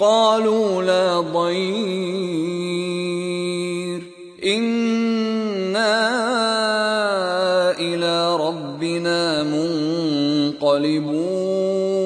قالوا لا ضير إنا إلى ربنا منقلبون